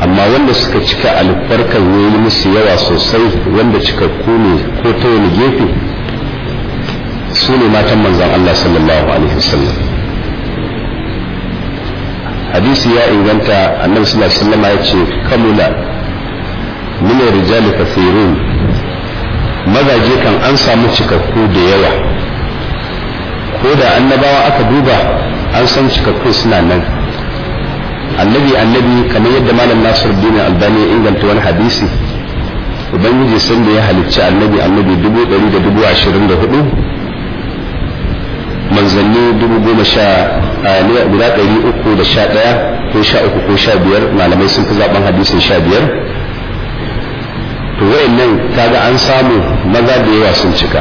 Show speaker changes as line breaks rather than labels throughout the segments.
amma wanda suka cika alfarkar yayi musu yawa sosai wanda cikakku ne ko ta wani gefe su ne matan manzan Allah sallallahu alaihi wasallam hadisi ya inganta annabi sallallahu alaihi wasallam ya ce kamula Mune rijali kathirun mazaje kan an samu cikakku da yawa ko da annabawa aka duba an san cikakku suna nan annabi annabi kamar yadda malam nasir dina albani ya inganta wani hadisi ubangiji sun da ya halicci annabi annabi dubu ɗari da dubu ashirin da hudu manzanni dubu goma sha guda ɗari uku da sha ɗaya ko sha uku ko sha biyar malamai sun fi zaɓen hadisin sha biyar to wa'annan kaga an samu maza da yawa sun cika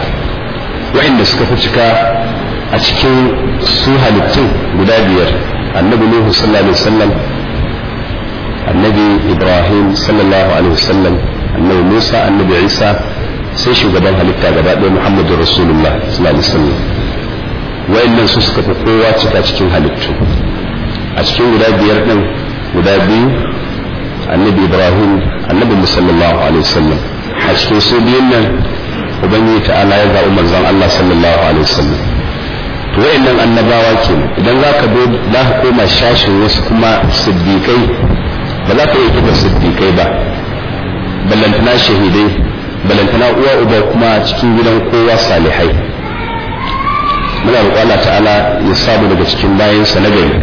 wa'anda suka fi cika a cikin su halittun guda biyar annabi nuhu sallallahu alaihi annabi ibrahim sallallahu alaihi wasallam annabi musa annabi isa sai shugaban halitta gaba ɗaya muhammadu rasulullah sallallahu alaihi su suka fi kowa cika cikin halittu a cikin guda biyar ɗin guda biyu annabi ibrahim annabi musallallahu alaihi wasallam a cikin su biyun nan ubangiji ta'ala ya zaɓi manzon allah sallallahu alaihi to wayannan annabawa ke idan za ka za ka koma shashin wasu kuma siddiƙai ba za ka iya kiba siddiƙai ba ballantana shahidai ballantana uwa uba kuma cikin gidan kowa salihai muna roƙo Allah ta'ala ya samu daga cikin bayansa na gari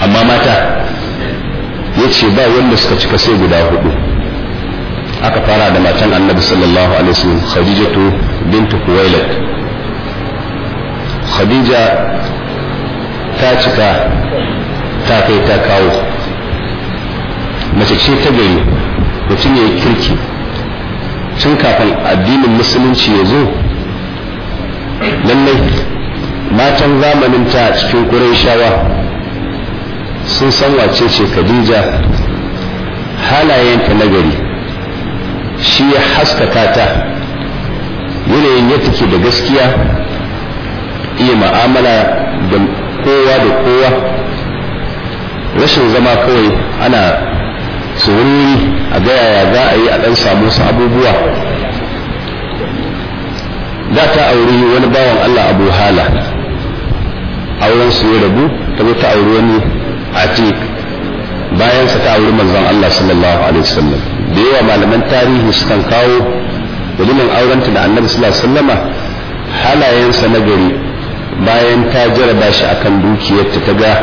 amma mata ya ce ba wanda suka cika sai guda hudu aka fara da matan annabi sallallahu alaihi wasallam khadijatu bintu kuwailat khadija ta cika ta kai ta kawo mace ce ta gari mutum ya yi kirki tun kafin addinin musulunci ya zo lallai matan zamanin ta cikin ƙurai shawa sun san wace ce khadija halayenta na gari shi ya haskaka ta yanayin yadda take da gaskiya iya ma'amala da kowa da kowa rashin zama kawai ana tsururi a gaya ya za a yi a ɗan samu wasu abubuwa da ta auri wani bawan Allah abu hala auren su ya rabu ta ta auri wani atik bayan sa ta auri manzon Allah sallallahu alaihi wasallam da yawa malaman tarihi sukan kawo walimin aurenta da annabi sallallahu alaihi wasallama halayensa na gari bayan ta jaraba shi akan dukiyarta ta ga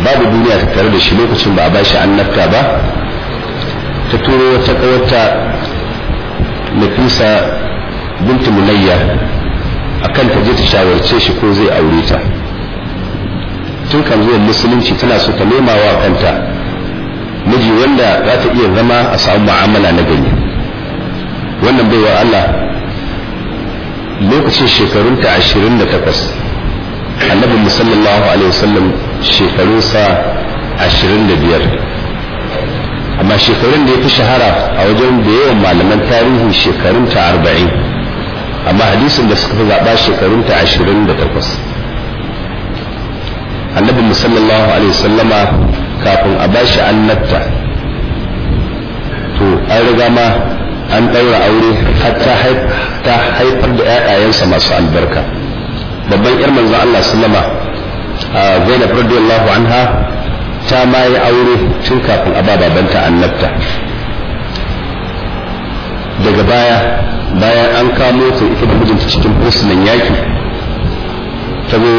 babu duniya ta tare da shi lokacin ba a ba shi annabta ba ta turo wata kawarta nafisa bintu mulayya akan ta je ta shawarce shi ko zai aure ta tun kan zuwa musulunci tana so ta nema wa kanta miji wanda za ta iya zama a samu mu'amala na gani wannan baiwa Allah lokacin shekarunta ashirin da takwas annabi musallallahu alaihi wasallam shekarunsa ashirin da biyar amma shekarun da ya fi shahara a wajen da yawan malaman tarihi shekarunta arba'in amma hadisin da suka fi zaɓa shekarunta ashirin da takwas annabi musallallahu alaihi wasallama kafin a bashi annabta to an riga ma an ɗaura aure hatta ta haifar da ‘ya'yayensa masu albarka babban ‘yar manzon Allah sallama a zainab radiyallahu anha ta ma aure tun kafin a babanta annabta daga baya bayan an kamo ta ita da mijinta cikin fursunan yaki ta zo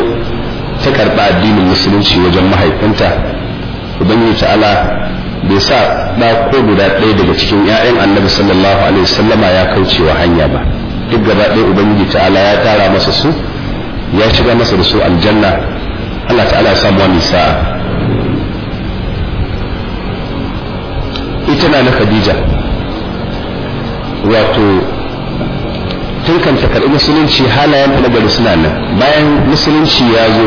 ta karɓa addinin musulunci wajen mahaifinta ubangiji ta'ala bai sa ɗa ko guda ɗaya daga cikin 'ya'yan annabi sallallahu alaihi wasallama ya kaucewa hanya ba duk gaba ɗaya ubangiji ta'ala ya tara masa su ya shiga masa da su aljanna Allah ta'ala ya samu wani sa'a ita na na khadija wato tun kan ta karɓi musulunci halayen ta na gari suna nan bayan musulunci ya zo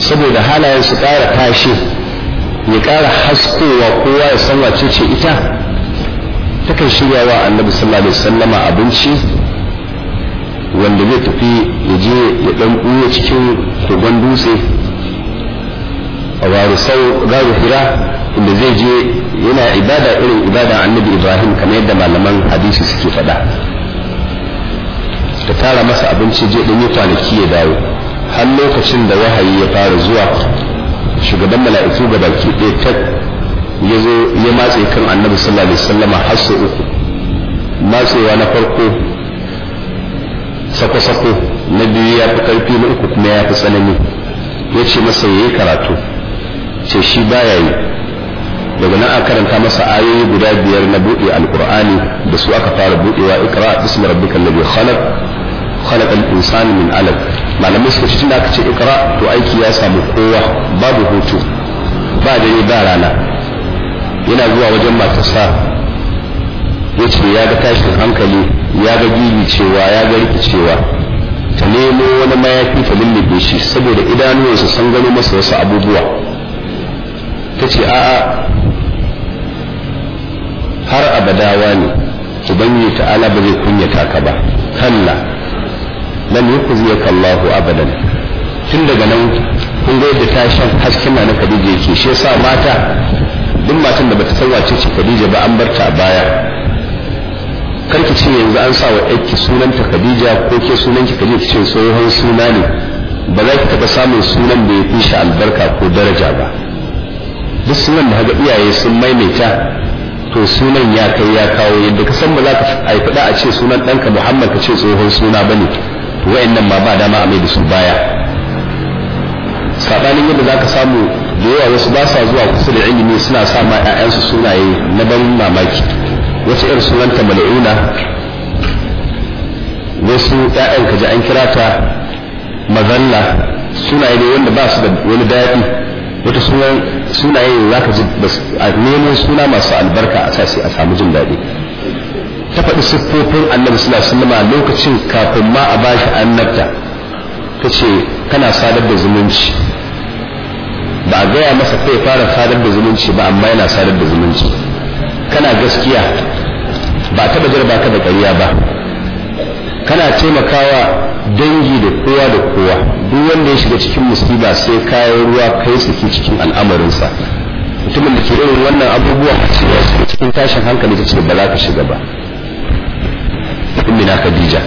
saboda halayen su ƙara tashi ya ƙara haskowa kowa ya san wace ce ita takan shirya wa annabi sallallahu alaihi wasallama abinci wanda zai tafi ya je ya dan buya cikin kogon dutse a sau garu hira inda zai je yana ibada irin ibada annabi ibrahim kamar yadda malaman hadisi suke faɗa ta tara masa abinci je yi kwanaki ya dawo har lokacin da wahayi ya fara zuwa shugaban mala'iku ga baki ɗaya tak ya zo ya matse kan annabi sallallahu alaihi wasallama har sau uku matsewa na farko sako-sako na biyu ya fi karfi na uku kuma ya fi tsanani ya ce masa ya yi karatu ce shi baya yi daga nan aka karanta masa ayoyi guda biyar na buɗe alkur'ani da su aka fara buɗewa ikra bismi rabbikal ladhi khalaq خلق الإنسان من علم ما لم يسكت شنو أكتش إقرأ تو أيكي يا سامو قوة باب هوتو بعد rana yana zuwa wajen matarsa ya ce ya ga tashin hankali ya ga gigi cewa ya ga rikicewa ta nemo wani mayafi ta lullube shi saboda idanuwansa sun gano masa wasu abubuwa ta ce a'a har abadawa ne ubangi ta'ala ba zai kunyata ka ba kalla lan yukhziyaka Allahu abadan tun daga nan kun ga yadda tashin hasken na Khadija yake shi yasa mata duk matan da bata san wace ce Khadija ba an barta a baya Kar ki ce yanzu an sa wa ɗanki sunanta Khadija ko ke sunanki Khadija ki ce tsohon suna ne ba za ki taɓa samun sunan da ya shi albarka ko daraja ba duk sunan da haga iyaye sun maimaita to sunan ya kai ya kawo yadda ka san ba za ka haifi a ce sunan ɗanka Muhammad ka ce tsohon suna ba ne wa'annan ma ba dama a mai da su baya sabanin yadda za ka samu da yawa wasu ba sa zuwa kusa da ilimi suna sa ma ƴaƴansu sunaye na ban mamaki wasu irin sunanta mal'una wasu ka kaji an kira ta mazalla sunaye ne wanda ba su da wani daɗi wata sunaye za ka ji a neman suna masu albarka a sa a samu jin daɗi
ta faɗi siffofin
annabi sallallahu alaihi wasallam lokacin kafin ma a bashi annabta ta ce kana sadar da zumunci ba a gaya masa kai fara sadar da zumunci ba amma yana sadar da zumunci kana gaskiya ba taɓa jarba ka da ƙarya ba kana taimakawa dangi da kowa da kowa duk wanda ya shiga cikin musiba sai kayan ruwa kai suke cikin al'amarinsa mutumin da ke irin wannan abubuwa a cikin tashin hankali ta ce ba za ka shiga ba ummina khadija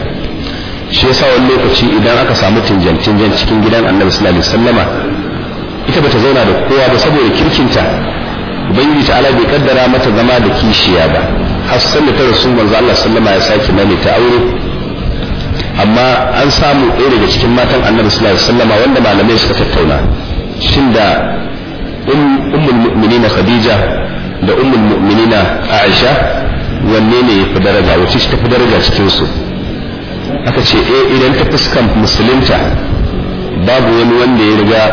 shi yasa wani lokaci idan aka samu tinjan tinjan cikin gidan annabi sallallahu alaihi wasallama ita bata zauna da kowa ba saboda kirkinta ubangiji ala bai kaddara mata zama da kishiya ba har san da ta rasu manzo Allah sallama ya sake mane ta aure amma an samu ɗaya daga cikin matan annabi sallallahu alaihi wasallama wanda malamai suka tattauna shin da um, ummul mu'minina khadija da ummul mu'minina aisha wanne ne ya fi daraja wace ta fi daraja cikinsu aka ce e idan ta fuskan musulunta babu wani wanda ya riga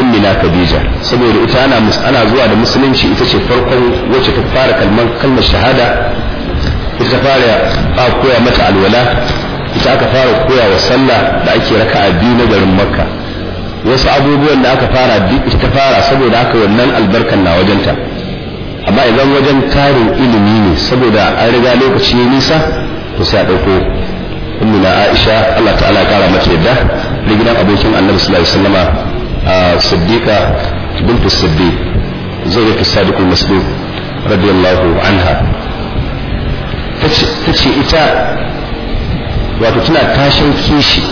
ummina khadija saboda ita ana ana zuwa da musulunci ita ce farkon wacce ta fara kalmar kalmar shahada ita ta fara a koya mata alwala ita aka fara koya wa sallah da ake raka a biyu na garin makka wasu abubuwan da aka fara duk ita fara saboda haka wannan albarkan na wajenta amma idan wajen karin ilimi ne saboda an riga lokaci ne nisa to sai a ɗauko ummuna aisha Allah ta'ala kara mata yadda rigidan abokin annabi sallallahu alaihi wasallama a siddiqa bint siddiq zainab ta sadiqul masduq radiyallahu anha tace ita wato tana tashin kishi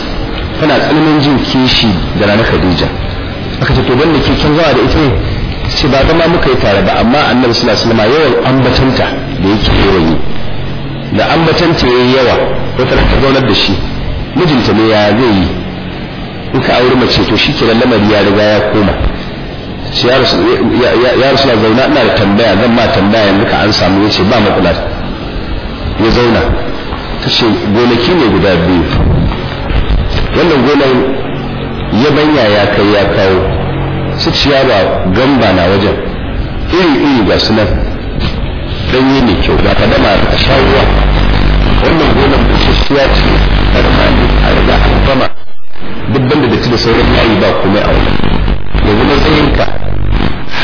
tana tsananin jin kishi da ranar khadija aka ce to ban ke ke zawa da ita ne ce ba zama muka yi tare ba amma annabi suna sulama yawan ambatanta da yake yawan yi da ambatanta ya yi yawa wata ta zaunar da shi mijinta ne ya zai yi in ka auri mace to shi ke lamari ya riga ya koma ya rasu zauna ina da tambaya zan ma tambaya yanzu ka an samu yace ba makula ya zauna ta ce gonaki ne guda biyu wannan gonan yabanya ya kai ya kawo su ba gamba na wajen iri iri ga su nan ɗanye mai kyau ga dama a shawuwa wannan gonan bushashiya ce karmani a riga a gama duk banda da ci da sauran yayi ba kuma a wajen yanzu ka.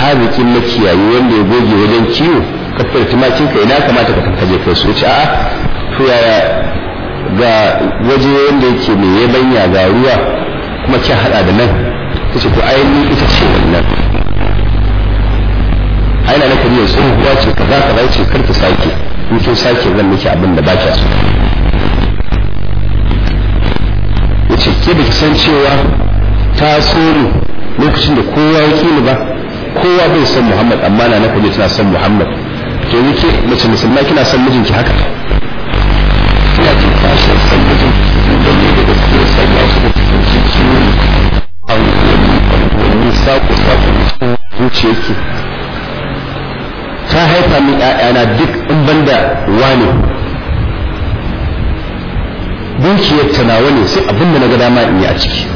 hazikin makiyayi wanda ya goge wajen kiwo ka fara tumakinka ina kamata ka kaje kai su wuce a'a to yaya ga waje wanda yake mai yabanya ga ruwa kuma kin hada da nan ta ce to aini ita ce wannan aina na kariyar tsohuwa ce za kaza ce kar ta sake in kin sake zan miki abin da ba kya so ce ke da san cewa ta so ni lokacin da kowa ya ni ba kowa bai san Muhammad amma na na kariyar tana san Muhammad to yake mace musulma kina san mijinki haka yake ta haifa min na duk in banda wane dukiyar ta nawa ne sai abin da na ga dama in yi a ciki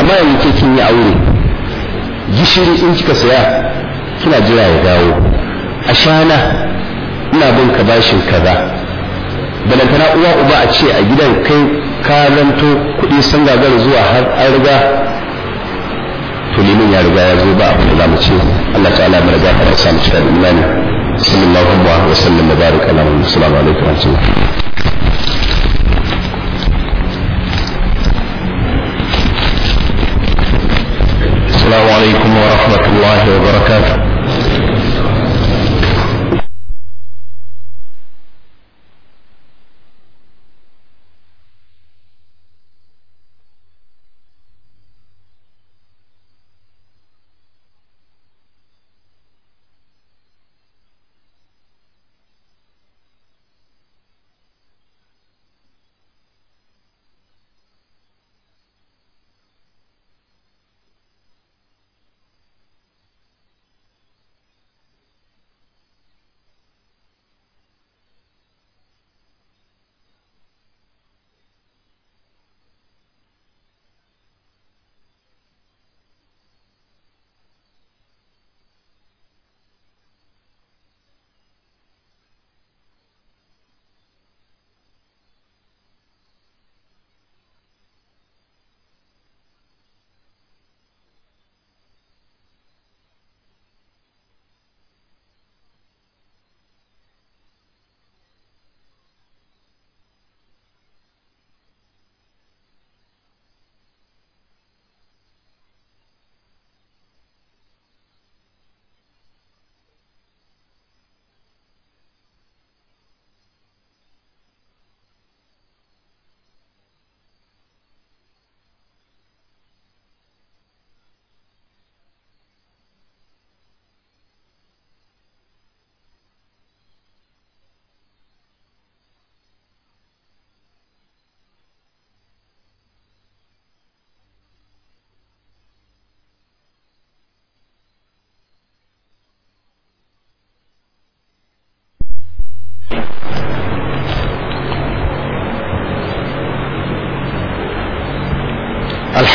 amma yanzu ke kin yi aure gishiri in kika saya kina jira ya dawo a shana ina bin ka bashin kaza balantana uwa uba a ce a gidan kai karanto zanto kuɗi sun gagara zuwa har an riga in ya riga ya zo ba abin da za mu ce Allah ta'ala mu riga fara samu cikin imani sallallahu alaihi wa sallam barik ala muhammad sallallahu alaihi wa sallam السلام عليكم ورحمة الله وبركاته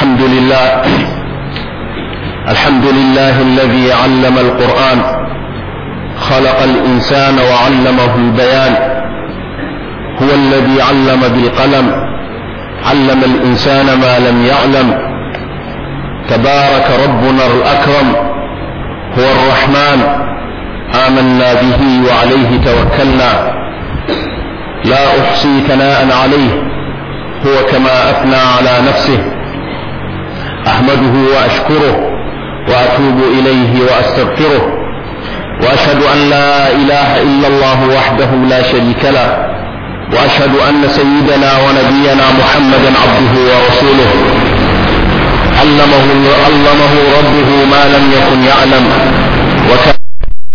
الحمد لله الحمد لله الذي علم القرآن خلق الإنسان وعلمه البيان هو الذي علم بالقلم علم الإنسان ما لم يعلم تبارك ربنا الأكرم
هو الرحمن
آمنا به وعليه توكلنا لا أحصي ثناء عليه هو كما أثنى على نفسه
أحمده وأشكره
وأتوب إليه وأستغفره وأشهد أن لا إله إلا الله وحده لا شريك له
وأشهد أن
سيدنا ونبينا محمدا عبده ورسوله علمه علمه ربه ما لم يكن يعلم وكان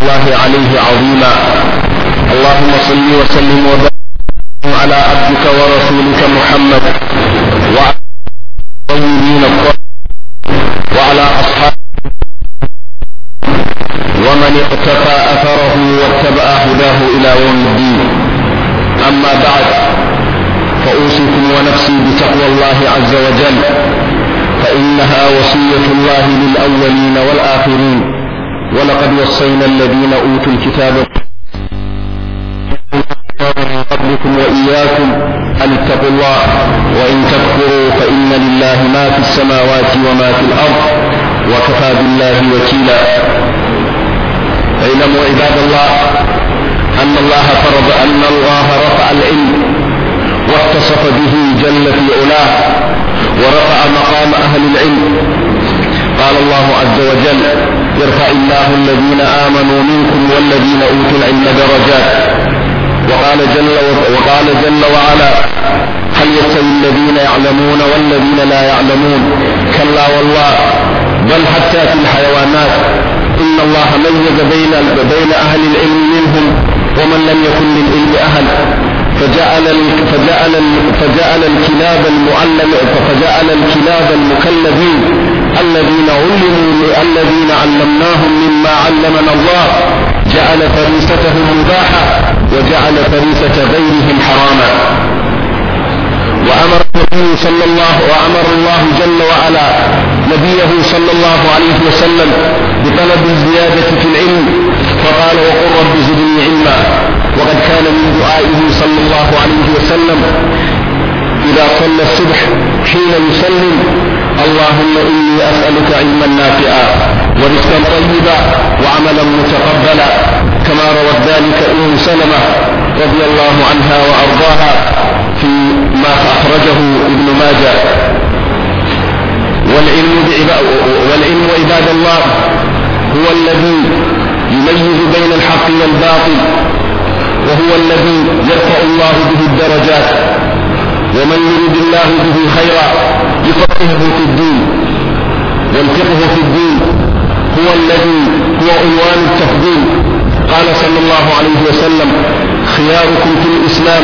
الله عليه عظيما اللهم صل وسلم وبارك على عبدك ورسولك محمد وعلى الطيبين الطاهرين وعلى أصحابه ومن اقتفى أثره واتبع هداه إلى يوم الدين أما بعد فأوصيكم ونفسي بتقوى الله عز وجل فإنها وصية الله للأولين والآخرين ولقد وصينا الذين أوتوا الكتاب كان من قبلكم وإياكم أن اتقوا الله وإن تكفروا فإن لله ما في السماوات وما في الأرض وكفى بالله وكيلا اعلموا عباد الله أن الله فرض أن الله رفع العلم واتصف به جل في علاه ورفع مقام أهل العلم قال الله عز وجل يرفع الله الذين آمنوا منكم والذين أوتوا العلم درجات وقال جل وقال جل وعلا هل يستوي الذين يعلمون والذين لا يعلمون كلا والله بل حتى في الحيوانات إن الله ميز بين بين أهل العلم منهم ومن لم يكن للعلم أهل فجعل فجعل فجعل الكلاب المعلم فجعل الكلاب المكلفين الذين علموا الذين علمناهم مما علمنا الله جعل فريسته مباحة وجعل فريسة غيرهم حراما وأمر النبي صلى الله وأمر الله جل وعلا نبيه صلى الله عليه وسلم بطلب الزيادة في العلم فقال وقل رب زدني علما وقد كان من دعائه صلى الله عليه وسلم إذا صلى الصبح حين يسلم اللهم إني أسألك علما نافعا ورزقا طيبا وعملا متقبلا كما روت ذلك ام سلمه رضي الله عنها وارضاها في ما اخرجه ابن ماجه والعلم والعلم عباد الله هو الذي يميز بين الحق والباطل وهو الذي يرفع الله به الدرجات ومن يريد الله به خيرا يفقهه في الدين ينفقه في
الدين
هو الذي هو عنوان التفضيل قال صلى الله عليه وسلم خياركم في الإسلام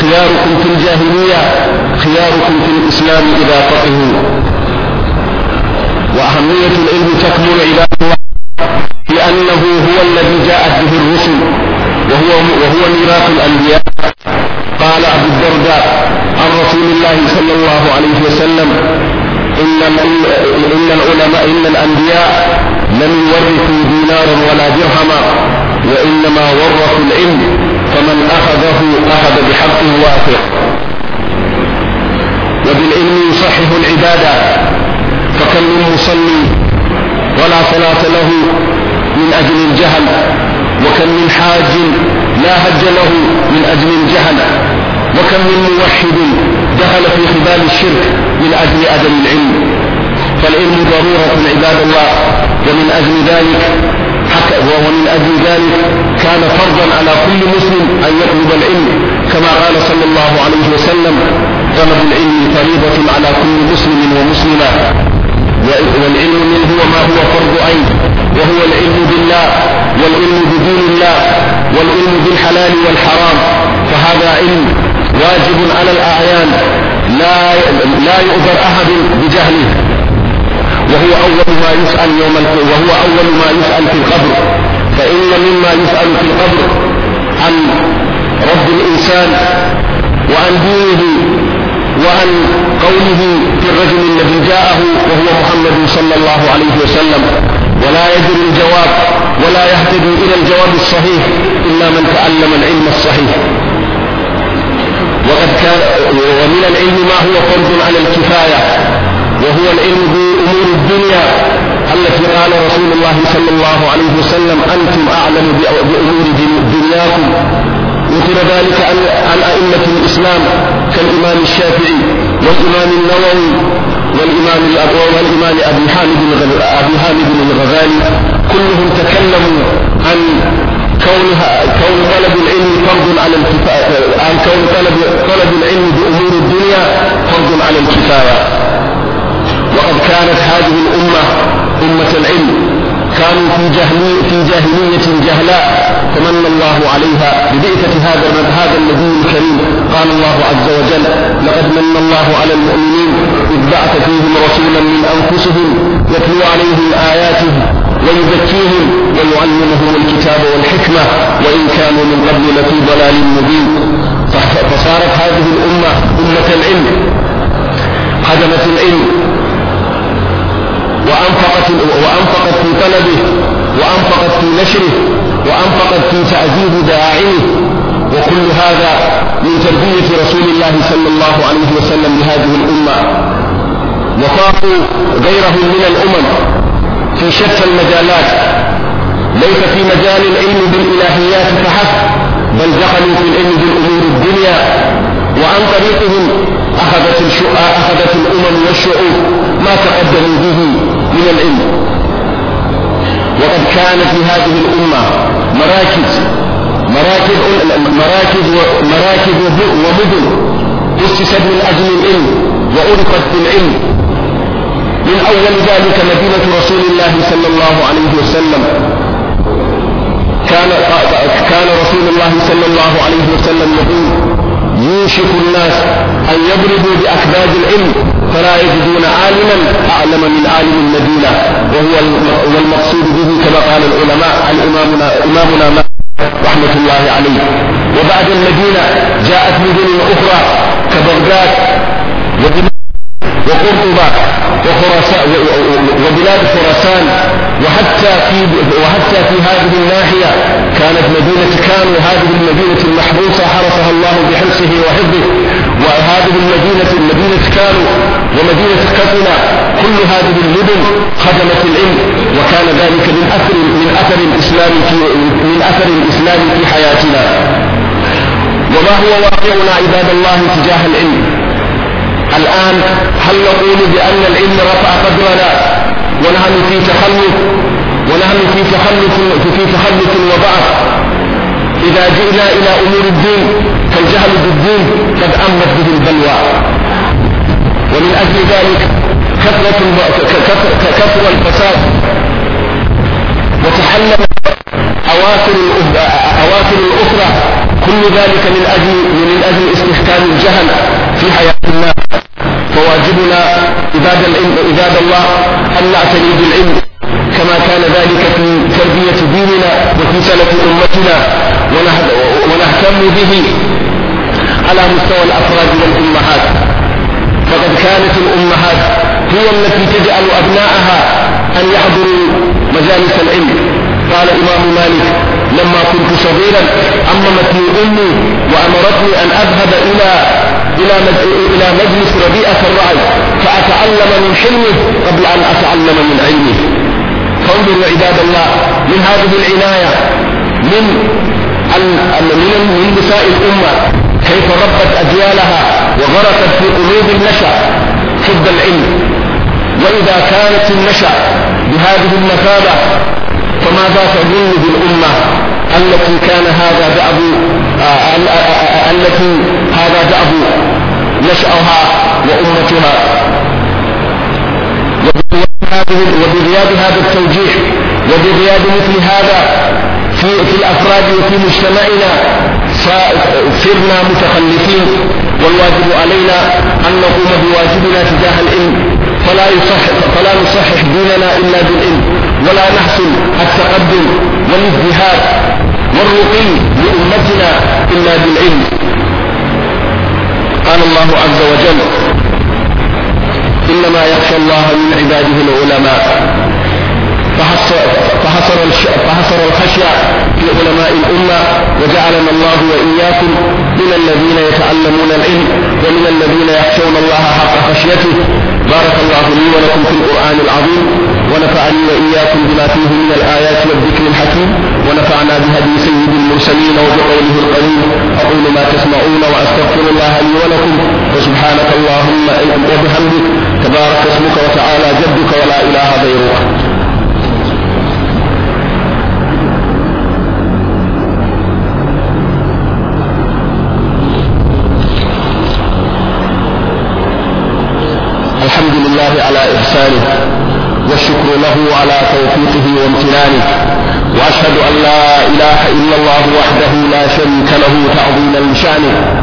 خياركم في الجاهلية خياركم في الإسلام إذا فقهوا وأهمية العلم تكمن عباد الله لأنه هو الذي جاءت به الرسل وهو, وهو ميراث الأنبياء قال أبو الدرداء عن رسول الله صلى الله عليه وسلم إن, إن, إن العلماء إن الأنبياء لم يورثوا دينارا ولا درهما وإنما ورثوا العلم فمن أخذه أخذ بحق وافر وبالعلم يصحح العبادة فكم من مصلي ولا صلاة له من أجل الجهل وكم من حاج لا هج له من أجل الجهل وكم من موحد دخل في خبال الشرك من أجل أدب العلم فالعلم ضرورة عباد الله ومن أجل ذلك ومن أجل ذلك كان فرضا على كل مسلم أن يطلب العلم كما قال صلى الله عليه وسلم طلب العلم فريضة على كل مسلم ومسلمة والعلم منه وما هو فرض عين وهو العلم بالله والعلم بدين الله والعلم بالحلال والحرام فهذا علم واجب على الأعيان لا لا يؤذر أحد بجهله وهو أول ما يسأل يوم وهو أول ما يسأل في القبر فإن مما يسأل في القبر عن رب الإنسان وعن دينه وعن قوله في الرجل الذي جاءه وهو محمد صلى الله عليه وسلم ولا يدري الجواب ولا يهتدي إلى الجواب الصحيح إلا من تعلم العلم الصحيح وقد كان ومن العلم ما هو فرض على الكفاية وهو العلم أمور الدنيا التي قال رسول الله صلى الله عليه وسلم أنتم أعلم بأمور دنياكم
وتر ذلك عن أئمة الإسلام
كالإمام الشافعي والإمام النووي والإمام والإمام أبي حامد أبي حامد الغزالي كلهم تكلموا عن كونها كون طلب العلم فرض على الكفاية عن كون طلب طلب العلم بأمور الدنيا فرض على الكفاية وقد كانت هذه الأمة أمة العلم كانوا في جهلية في جاهلية جهلاء تمنى الله عليها ببعثة هذا هذا النبي الكريم قال الله عز وجل لقد من الله على المؤمنين إذ بعث فيهم رسولا من أنفسهم يتلو عليهم آياته ويزكيهم ويعلمهم الكتاب والحكمة وإن كانوا من قبل لفي ضلال مبين فصارت هذه الأمة أمة العلم خدمة العلم وأنفقت, وأنفقت في طلبه وأنفقت في نشره وأنفقت في تعذيب داعيه وكل هذا من تربية رسول الله صلى الله عليه وسلم لهذه الأمة وفاقوا غيرهم من الأمم في شتى المجالات ليس في مجال العلم بالإلهيات فحسب بل دخلوا في العلم بالأمور الدنيا وعن طريقهم أخذت, أخذت الأمم والشعوب ما تقدموا به من العلم وقد كان في هذه الأمة مراكز مراكز مراكز مراكز ومدن اسست من أجل العلم وألقت بالعلم من أول ذلك مدينة رسول الله صلى الله عليه وسلم كان كان رسول الله صلى الله عليه وسلم يقول يوشك الناس أن يضربوا بأكباد العلم فلا يجدون عالما أعلم من عالم المدينة وهو المقصود به كما قال العلماء عن إمامنا, إمامنا رحمة الله عليه وبعد المدينة جاءت مدن أخرى كبغداد وقرطبة وبلاد خراسان وحتى في وحتى في هذه الناحية كانت مدينة كانو هذه المدينة المحروسة حرسها الله بحرصه وحفظه وهذه المدينة مدينة كانو ومدينة كفنا كل هذه المدن خدمت العلم وكان ذلك من أثر من أثر الإسلام في من أثر الإسلام في حياتنا وما هو واقعنا عباد الله تجاه العلم الآن هل نقول بأن العلم رفع قدرنا ونحن في تخلف ونحن في تخلف في تخلف وضعف إذا جئنا إلى أمور الدين فالجهل بالدين قد أمت به البلوى ومن أجل ذلك كثرة كثر الفساد وتحلل أواخر أواخر الأخرى كل ذلك من أجل من أجل استحكام الجهل في حياة الناس وواجبنا عباد عباد الله أن نعتني بالعلم كما كان ذلك في تربية ديننا وفي سلف أمتنا ونهتم به على مستوى الأفراد والأمهات فقد كانت الأمهات هي التي تجعل أبناءها أن يحضروا مجالس العلم قال إمام مالك لما كنت صغيرا أممتني أمي وأمرتني أن أذهب إلى إلى إلى مجلس ربيعة الرعي فأتعلم من حلمه قبل أن أتعلم من علمه فانظروا عباد الله من هذه العناية من من نساء الأمة كيف ربت أجيالها وغرست في قلوب النشأ حب العلم وإذا كانت النشأ بهذه المثابة فماذا تظن بالأمة التي كان هذا دأب آه،
آه، آه،
التي هذا دأب نشأها وأمتها وبغياب هذا التوجيه وبغياب مثل هذا في, في الأفراد وفي مجتمعنا صرنا متخلفين والواجب علينا أن نقوم بواجبنا تجاه العلم فلا, يصحح فلا نصحح ديننا إلا بالعلم ولا نحصل التقدم والازدهاد والرقي لأمتنا إلا بالعلم قال الله عز وجل إنما يخشى الله من عباده العلماء فحصر فحصر الخشية في علماء الأمة وجعلنا الله وإياكم من الذين يتعلمون العلم ومن الذين يخشون الله حق خشيته بارك الله لي ولكم في القرآن العظيم ونفعني وإياكم بما فيه من الآيات والذكر الحكيم ونفعنا بهدي سيد المرسلين وبقوله القديم أقول ما تسمعون وأستغفر الله لي ولكم وسبحانك اللهم وبحمدك تبارك اسمك وتعالى جدك ولا إله غيرك لله على إحسانه والشكر له على توفيقه وامتنانه وأشهد أن لا إله إلا الله وحده لا شريك له تعظيما لشأنه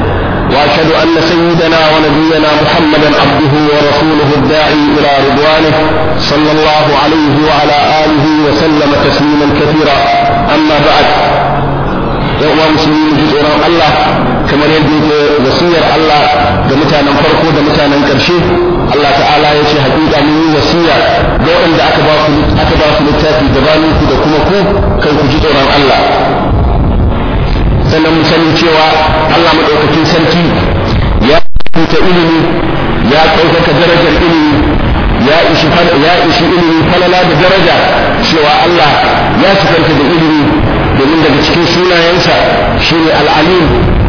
وأشهد أن سيدنا ونبينا محمدا عبده ورسوله الداعي إلى رضوانه صلى الله عليه وعلى آله وسلم تسليما كثيرا أما بعد yan uwa musulmi mu ji tsoron Allah kamar yadda yake wasiyar Allah da mutanen farko da mutanen ƙarshe Allah ta'ala ya ce haƙiƙa ni yi wasiya ga waɗanda aka ba ku aka ba ku littafi gabanin ku da kuma ku kan ku ji tsoron Allah sannan mu sani cewa Allah maɗaukakin sarki ya ta ilimi ya ɗaukaka darajar ilimi ya ishi ilimi falala da daraja cewa Allah ya shigar da ilimi domin daga cikin sunayensa shine al'alim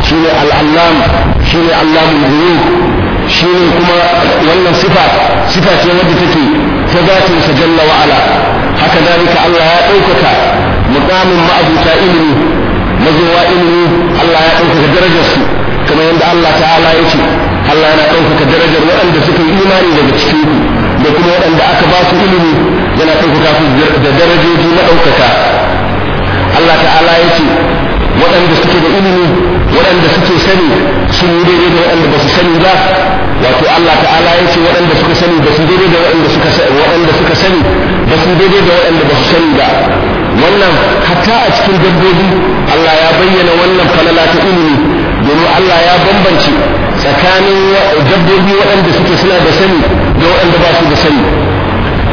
shine al'allam shine allamul ghuyub shine kuma wannan sifa sifa ce wadda take ta zatin sa jalla wa ala haka zalika Allah ya ɗaukaka muqamin ma'abuta ilimi mazuwa ilimi Allah ya ɗaukaka darajar su kamar yadda Allah ta'ala ya ce Allah yana ɗaukaka darajar waɗanda suka yi imani daga cikin da kuma waɗanda aka ba su ilimi yana ɗaukaka su da darajoji na ɗaukaka Allah ta'ala ya ce waɗanda suke da ilimi waɗanda suke sani sun yi daidai da waɗanda ba su sani ba wato Allah ta'ala ya ce waɗanda suka sani ba su daidai da waɗanda suka waɗanda suka sani ba su daidai da waɗanda ba su sani ba wannan hatta a cikin dabbobi Allah ya bayyana wannan falala ta ilimi domin Allah ya bambance tsakanin dabbobi waɗanda suke suna da sani da waɗanda ba su da sani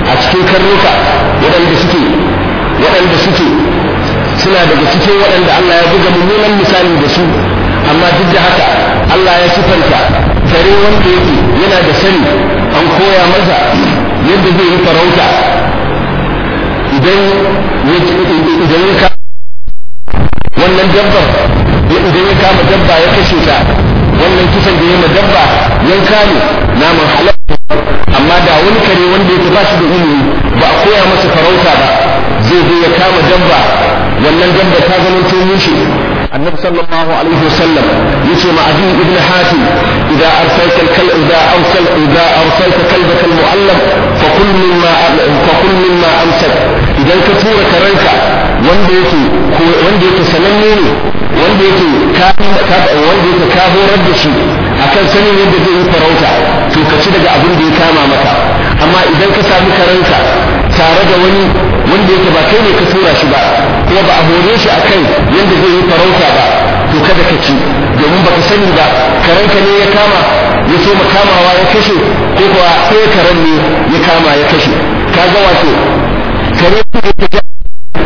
a cikin karnuka waɗanda suke waɗanda suke suna daga cikin waɗanda Allah ya buga mummunan misali da su amma duk da haka Allah ya sifanta kare wanda yake yana da sani an koya masa yadda zai yi farauta idan idan ya wannan dabbar idan ya kama dabba ya kashe ta wannan kisan da ya ma dabba yanka ne naman halal amma da wani kare wanda ya ba shi da ilimi ba a koya masa farauta ba zai zo ya kama dabba wannan gamba ta zama annabi mushi النبي صلى الله عليه وسلم يتي مع عدي ابن حاتم إذا أرسلت الكلب إذا أرسل إذا fa كلبك المؤلم فكل مما فكل مما أمسك إذا كثور كرنك wanda yake wanda yake sananne ne wanda yake wanda yake horar da shi akan sanin yadda zai yi farauta to ka ci daga abin da ya kama maka amma idan ka sami karanka tare da wani wanda yake ba kai ne ka tura shi ba kuma ba a hore shi a kai yadda zai yi farauta ba to kada ka ci domin baka sani ba karanka ne ya kama ya so kamawa ya kashe ko kuwa sai karen ne ya kama ya kashe ka ga wato kare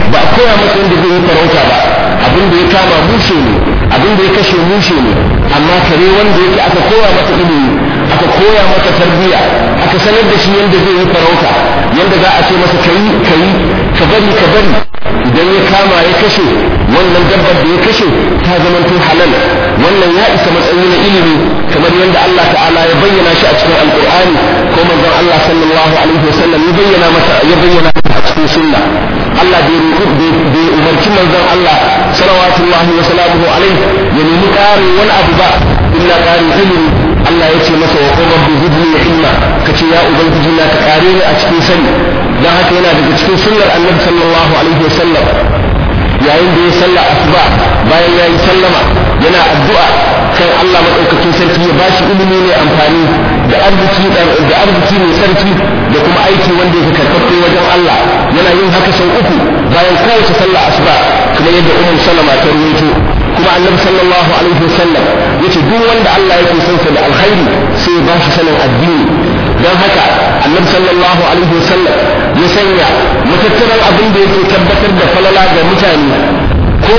ba a koya masa yadda zai yi farauta ba abin da ya kama mushe ne abin da ya kashe mushe ne amma kare wanda yake aka koya masa ilimi aka koya masa tarbiyya aka sanar da shi yadda zai yi farauta yadda za a ce masa kayi kayi ka bari ka bari idan ya kama ya kashe wannan dabbar da ya kashe ta zama tun halal wannan ya isa matsayi na ilimi kamar yadda Allah ta'ala ya bayyana shi a cikin alƙur'ani ko manzon Allah sallallahu alaihi wasallam ya bayyana masa ya bayyana a cikin sunna Allah bai roƙi bai umarci manzon Allah sallallahu alaihi wasallam ya nemi ƙarin wani abu ba illa ƙarin ilimi Allah ya ce masa wa qur rabbi zidni ilma kace ya ubangiji na ka kare ni a cikin sani dan haka yana daga cikin sunnar annabi sallallahu alaihi wasallam yayin da ya salla asuba bayan ya yi sallama yana addu'a kan Allah madaukakin sarki ya bashi ilimi ne amfani da arziki da arziki mai sarki da kuma aiki wanda yake karfafe wajen Allah yana yin haka sau uku bayan kowace sallar asuba kamar yadda ummu salama ta ruwaito kuma annabi sallallahu alaihi wasallam yace duk wanda Allah yake son sa da alkhairi sai ya ba shi sanin addini don haka annabi sallallahu alaihi wasallam ya sanya matattaran abin da yake tabbatar da falala ga mutane ko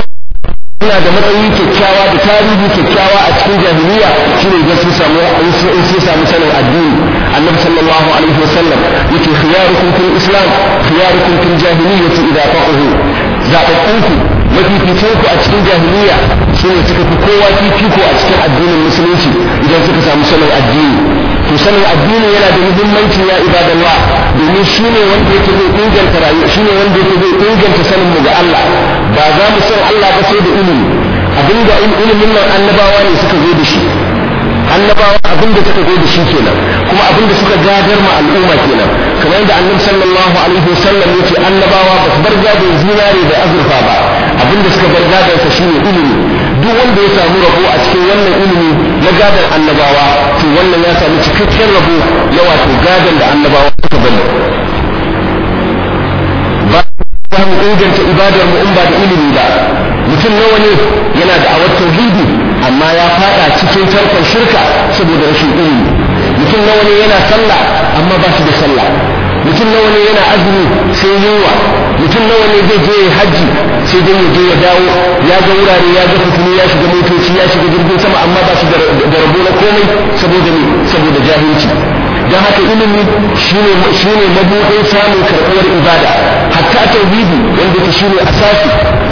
suna da matsayi kyakkyawa da tarihi kyakkyawa a cikin jahiliya shine idan sun samu sun samu sanin addini annabi sallallahu alaihi wasallam yake khiyarukum fil islam khiyarukum fil jahiliyyati idza faqahu zaɓaɓɓunku mafificin ku a cikin jahiliya su ne suka fi kowa fifiko a cikin addinin musulunci idan suka samu sanin addini to sanin addini yana da muhimmanci ya ibadallah domin shi ne wanda yake zai inganta rayuwa shi ne wanda yake zai inganta sanin mu ga Allah ba za mu san Allah ba sai da ilimi abin da ilimin nan annabawa ne suka zo da shi annabawa abin da suka zo da shi kenan kuma abin da suka gadar ma al'umma kenan kamar yadda annabi sallallahu alaihi wasallam yake annabawa ba su bar gadon zinare da azurfa ba Abin da suka bar gadansa shine ilimi duk wanda ya samu rabo a cikin wannan ilimi na gadar annabawa to wannan ya samu cikakken rabo na wato gadar da annabawa suka bari ba za mu inganta ibadar mu in ba da ilimi ba mutum nawa ne yana da awar tauhidi amma ya fada cikin tarkon shirka saboda rashin ilimi mutum nawa ne yana sallah amma ba shi da sallah mutum nawa ne yana azumi sai yunwa mutum nawa ne zai je hajji sai dai ya je ya dawo ya ga wurare ya ga fitini ya shiga motoci ya shiga jirgin sama amma ba shi da rabo na komai saboda ne saboda jahilci dan haka ilimi shine ne mabuɗin samun karɓar ibada hatta tauhidi wanda ta shine asasi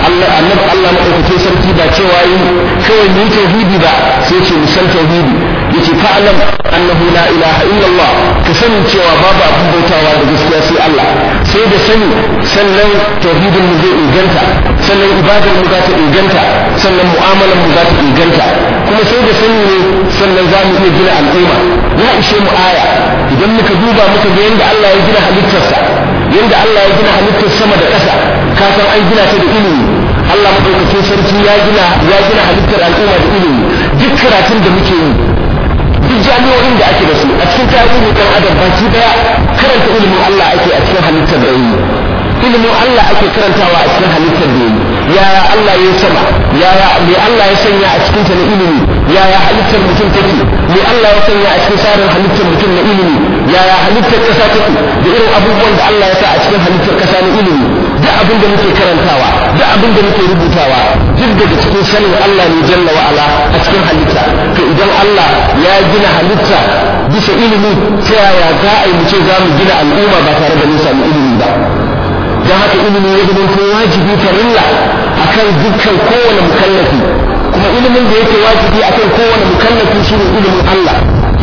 Allah annabi Allah madaukakin sarki ba cewa yi kawai ni tauhidi ba sai ce musal tauhidi yace fa'lam annahu la ilaha illallah ka sani cewa babu abin bautawa da gaskiya sai Allah sai da sani sannan tauhidin mu zai inganta sannan ibadar mu za ta inganta sannan mu'amalar mu za ta inganta kuma sai da sani ne sannan za mu iya gina al'umma ya ishe mu aya idan muka duba muka ga yadda Allah ya gina halittarsa yadda Allah ya gina halittar sama da ƙasa ka san an gina ta da ilimi Allah madaukakin sarki ya gina ya gina halittar al'umma da ilimi duk karatun da muke yi duk jami'o'in da ake da su a cikin tarihi dan adam baki daya karanta ilimin Allah ake a cikin halittar da yi ilimin Allah ake karantawa a cikin halittar da yi ya Allah ya sama ya me Allah ya sanya a cikin ta na
ilimi yaya halittar mutum take me Allah ya sanya a cikin sarin halittar mutum na ilimi yaya halittar kasa take da irin
abubuwan da Allah ya sa a cikin halittar kasa na ilimi da abin da muke karantawa da abin da muke rubutawa duk daga cikin sanin Allah ne jalla wa ala a cikin halitta to idan Allah ya gina halitta
bisa ilimi ta yaya za a yi mu ce za mu gina al'umma ba tare da mun
samu ilimi ba
don haka ilimi ya zama ko wajibi farilla
akan dukkan kowane mukallafi kuma ilimin da yake wajibi akan kowane mukallafi shine ilimin Allah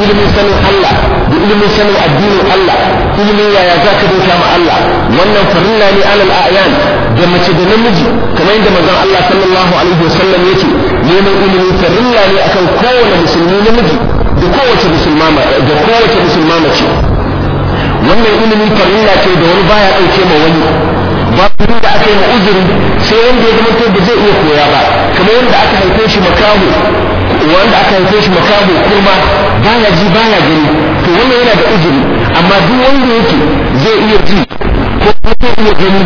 ilimin sanin Allah da ilimin sanin addinin Allah ilimin yaya za ka bauta ma Allah wannan farilla ne alal a'yan da mace da namiji kamar yadda manzon Allah sallallahu alaihi wasallam yake neman ilimi farilla ne akan kowane musulmi namiji da kowace musulma da kowace musulma mace wannan ilimi farilla ce da wani baya dauke ma wani babu da aka yi ma uzuri sai wanda ya zama ba zai iya koya ba kamar yadda aka haife shi makaho wanda aka haife shi makaho kuma baya ji baya gani to wannan yana da uzuri amma duk wanda yake zai iya ji ko zai iya gani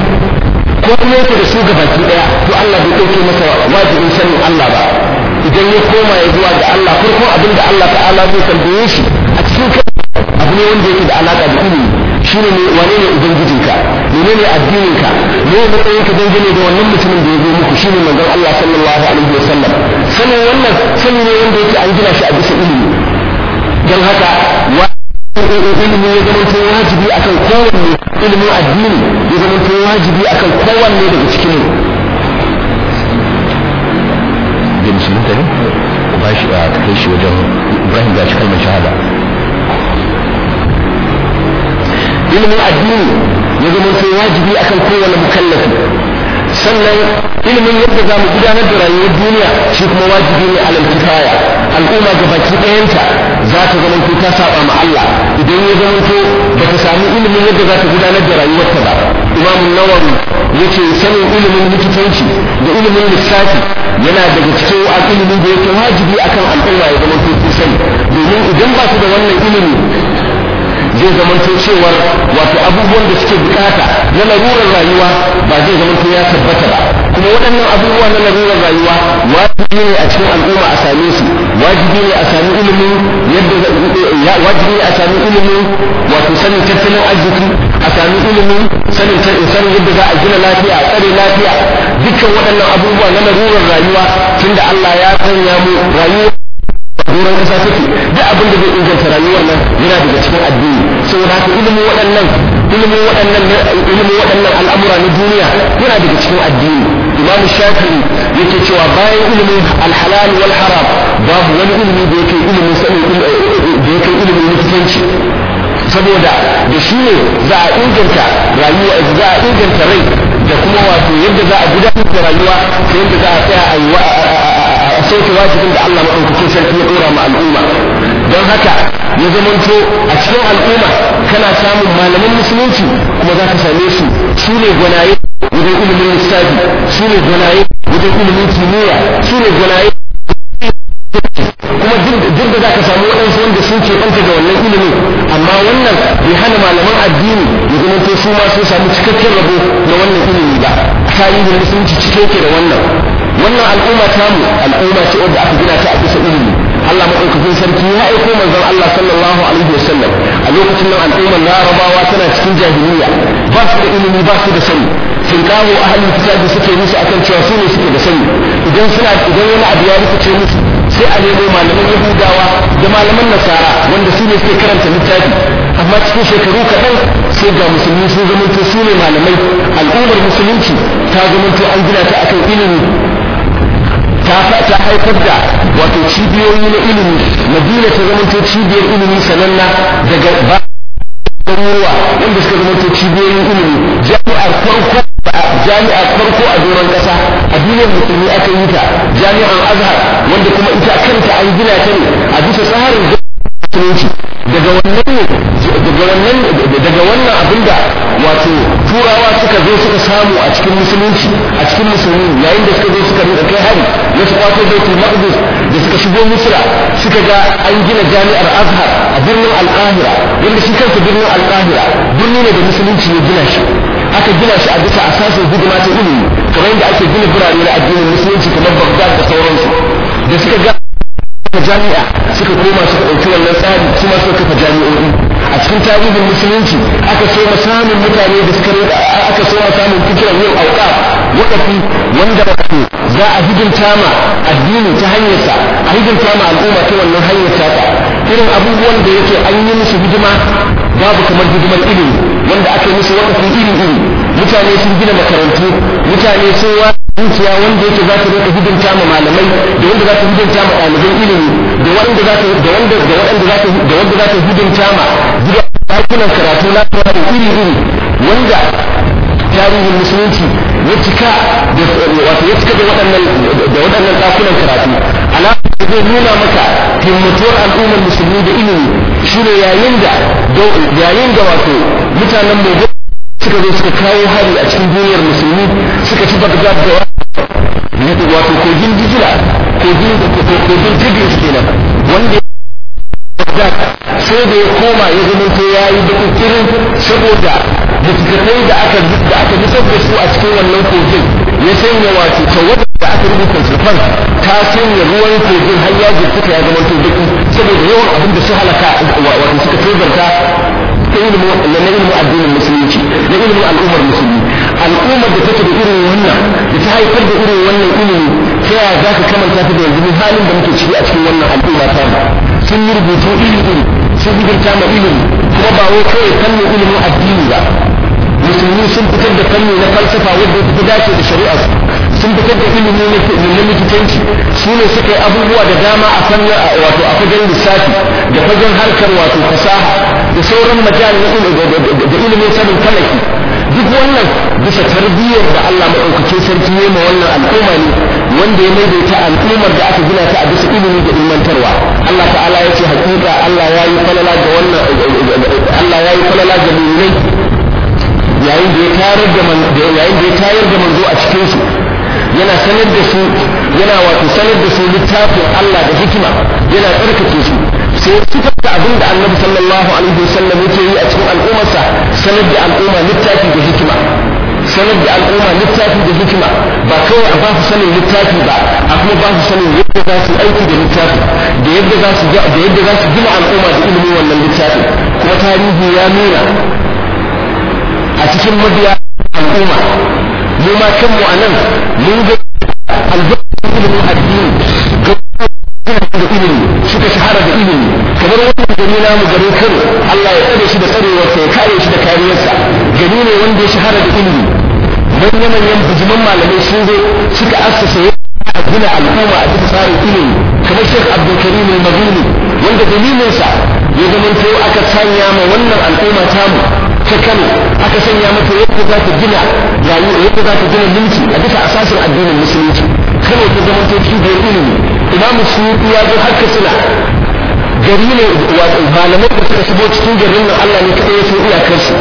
ko kuma yake da su baki daya to Allah bai dauke masa wajibin sanin Allah ba
idan ya koma ya zuwa ga Allah farkon abin da Allah ta'ala zai tambaye shi a cikin kai abu ne wanda yake da alaka da ilimi shine ne
wane ne ubangijinka ne addininka ne matsayin dangane da wannan mutumin da ya zo muku shine manzon Allah sallallahu alaihi wasallam sanin wannan sanin ne wanda yake an gina shi a bisa ilimi don haka ilimi ya zama to wajibi akan kowanne
ilimin addini ya zama to wajibi akan kowanne daga cikin
da musulunta ne ku ba shi a kai shi wajen ibrahim ga cikin mai shahada ilimin addini ya zama to wajibi akan kowanne mukallafi sannan ilimin yadda za mu gudanar da rayuwar duniya shi kuma wajibi ne alal kifaya al'umma gabaki ɗayanta za ta zama ko ta saba ma Allah idan ya zama ko ba ta samu ilimin yadda za ta gudanar da rayuwarta ba imam nawawi yace sanin ilimin likitanci da ilimin lissafi yana daga cikin ilimin da yake wajibi akan al'umma ya zama ko kun sani domin idan ba su da wannan ilimi zai zamanto cewar wato abubuwan da suke bukata na larurar rayuwa ba zai zamanto ya tabbata ba kuma waɗannan abubuwa na larurar rayuwa wajibi ne a cikin al'umma a same su wajibi ne a sami ilimi yadda wajibi ne a sami ilimi wato sanin tattalin arziki a sami ilimi sanin sanin yadda za a gina lafiya a tsare lafiya dukkan waɗannan abubuwa na larurar rayuwa tunda Allah ya sanya mu rayuwa doron kasa take duk abin da zai inganta rayuwar nan yana daga cikin addini saboda haka ilimin waɗannan ilimin waɗannan ilimin waɗannan al'amura na duniya yana daga cikin
addini imam shafi'i
yake cewa bayan ilimin alhalalu wal haram babu wani ilimi da yake ilimin sanin eh, eh, eh, da saboda da shi ne za a inganta rayuwa za a inganta rai da kuma wato yadda za a gudanar da rayuwa ta yadda za a tsaya a yi a sauke wajibin da Allah maɗaukakin sarki ya ɗora ma al'umma don haka ya zamanto a cikin al'umma kana samun malaman musulunci kuma za ka same su su ne gwanaye wajen ilimin lissafi su ne gwanaye wajen ilimin kimiyya su ne gwanaye kuma duk da za ka samu waɗansu wanda sun keɓanta da wannan ilimin amma wannan bai hana malaman addini ya zama to su ma sun samu cikakken rabo na wannan ilimi ba tarihin musulunci cike yake da wannan wannan al'umma tamu al'umma ce wadda aka gina ta a bisa ilimi Allah maɗaukakin sarki ya aiko manzon Allah sallallahu alaihi wasallam a lokacin nan al'ummar larabawa tana cikin jahiliya ba su da ilimi ba su da sani tinkawo ahalin kitabi suke musu akan cewa su ne suke da sani idan suna idan wani abu ya rikice musu sai a nemo malaman yahudawa da malaman nasara wanda su ne suke karanta littafi amma cikin shekaru kaɗan sai ga musulmi sun zamanto su ne malamai al'ummar musulunci ta zamanto an gina ta akan ilimi ta ta haifar da wato cibiyoyi na ilimi madina ta zamanto cibiyar ilimi sananna daga ba ruwa wanda suka zamanto cibiyoyin ilimi jami'ar farko jami'a farko a doron kasa a duniyar musulmi aka yi ta jami'an azhar wanda kuma ita kanta an gina ta ne a bisa tsarin musulunci daga wannan daga wannan daga wannan wato turawa suka zo suka samu a cikin musulunci a cikin musulmi yayin da suka zo suka rinka kai hari wasu kwato baitul maqdis da suka shigo misra suka ga an gina jami'ar azhar a birnin al-qahira wanda shi kansa birnin al-qahira birni ne da musulunci ya gina shi aka gina shi a bisa asasin hidima ta ilimi kamar yadda ake gina birane na addinin musulunci kamar Baghdad da sauransu da suka ga jami'a suka koma suka ɗauki wannan tsari su ma suka kafa jami'o'i a cikin tarihin musulunci aka so samun mutane da suka aka so samun fikiran yin auka wakafi wanda wato za a hidimta ma addini ta hanyarsa a hidimta ma al'umma ta wannan hanyar ta irin abubuwan da yake an yi musu hidima babu kamar hidimar ilimi wanda aka yi musu wakafin iri iri mutane sun gina makarantu mutane sun wa zuciya wanda yake za ta rika hidimta ma malamai da wanda za ta hidimta ma ɗaliban ilimi da wanda za ta da wanda da wanda za ta da wanda za ta hidimta ma ɗakunan karatu na tarihi iri iri wanda tarihin musulunci ya cika da wato ya cika da waɗannan da waɗannan ɗakunan karatu alaƙa zai nuna maka himmatuwar al'ummar musulmi da ilimi shine yayin da yayin da wato mutanen mai suka zo suka kawo hari a cikin duniyar musulmi suka ci bagdad da wato kogin dijila kogin kogin tigris kenan wanda sai da ya koma ya zama ta ya yi baƙin kirin saboda littattafai da aka da aka fitar da su a cikin wannan kogin ya sanya wato tawadar da aka rubuta zurfan ta sanya ruwan kogin har ya zurfuka ya zama to baki saboda yawan abin da su halaka wato suka tozarta ta ilimin na ilimin addinin musulunci na ilimin al'ummar musulmi al'ummar da take da irin wannan da ta haifar da irin wannan ilimi ta yaya za ka kamanta ta da yanzu halin da muke ciki a cikin wannan al'umma ta sun yi rubutu iri sun hidimta ma ilimi kuma ba wai kawai kallon ilimin addini ba musulmi sun fitar da fanni na falsafa wadda ta dace da shari'ar sun fitar da ilimi na likitanci su ne suka yi abubuwa da dama a fannin wato a fagen lissafi da fagen harkar wato fasaha da sauran majal da ilimin sanin falaki duk wannan bisa tarbiyyar da Allah maɗaukakin sarki ya ma wannan al'umma ne wanda ya maidaita al'ummar da aka gina ta a bisa ilimi da ilmantarwa Allah ta'ala ya ce hakika Allah ya yi falala ga wannan Allah ya yi falala ga yayin da ya tayar da man yayin da ya tayar da manzo a cikin su yana sanar da su yana wato sanar da su littafin Allah da hikima yana tsarkake su sai suka da abin da Annabi sallallahu alaihi wasallam yake yi a cikin al'ummarsa sanar da al'umma littafin da hikima sanar da al'umma littafin da hikima ba kawai a ba su sanin littafin ba a kuma ba su sanin yadda za su aiki da littafin da yadda za su da yadda za su gina al'umma da ilimin wannan littafi kuma tarihi ya nuna a cikin mabiya al'umma mu ma kanmu a nan mun ga albarkar addini ga da ilimi suka shahara da ilimi kamar wannan gani namu garin kano Allah ya tsare shi da tsarewarsa ya kare shi da kariyarsa gari ne wanda ya shahara da ilimi manya manyan bijiman malamai sun zo suka assasa ya gina al'umma a cikin tsarin ilimi kamar Sheikh Abdul Karim al-Maghuni wanda dalilinsa ya zamanto aka sanya ma wannan al'umma tamu ta kano aka sanya mata yadda za ta gina rayuwa yadda za ta gina linki a duka asasin addinin musulunci kano ta zama ta cibiyar ilimi imamu suyuti ya zo har suna. gari ne malamai da suka shigo cikin garin nan allah ne kaɗai ya san iyakarsu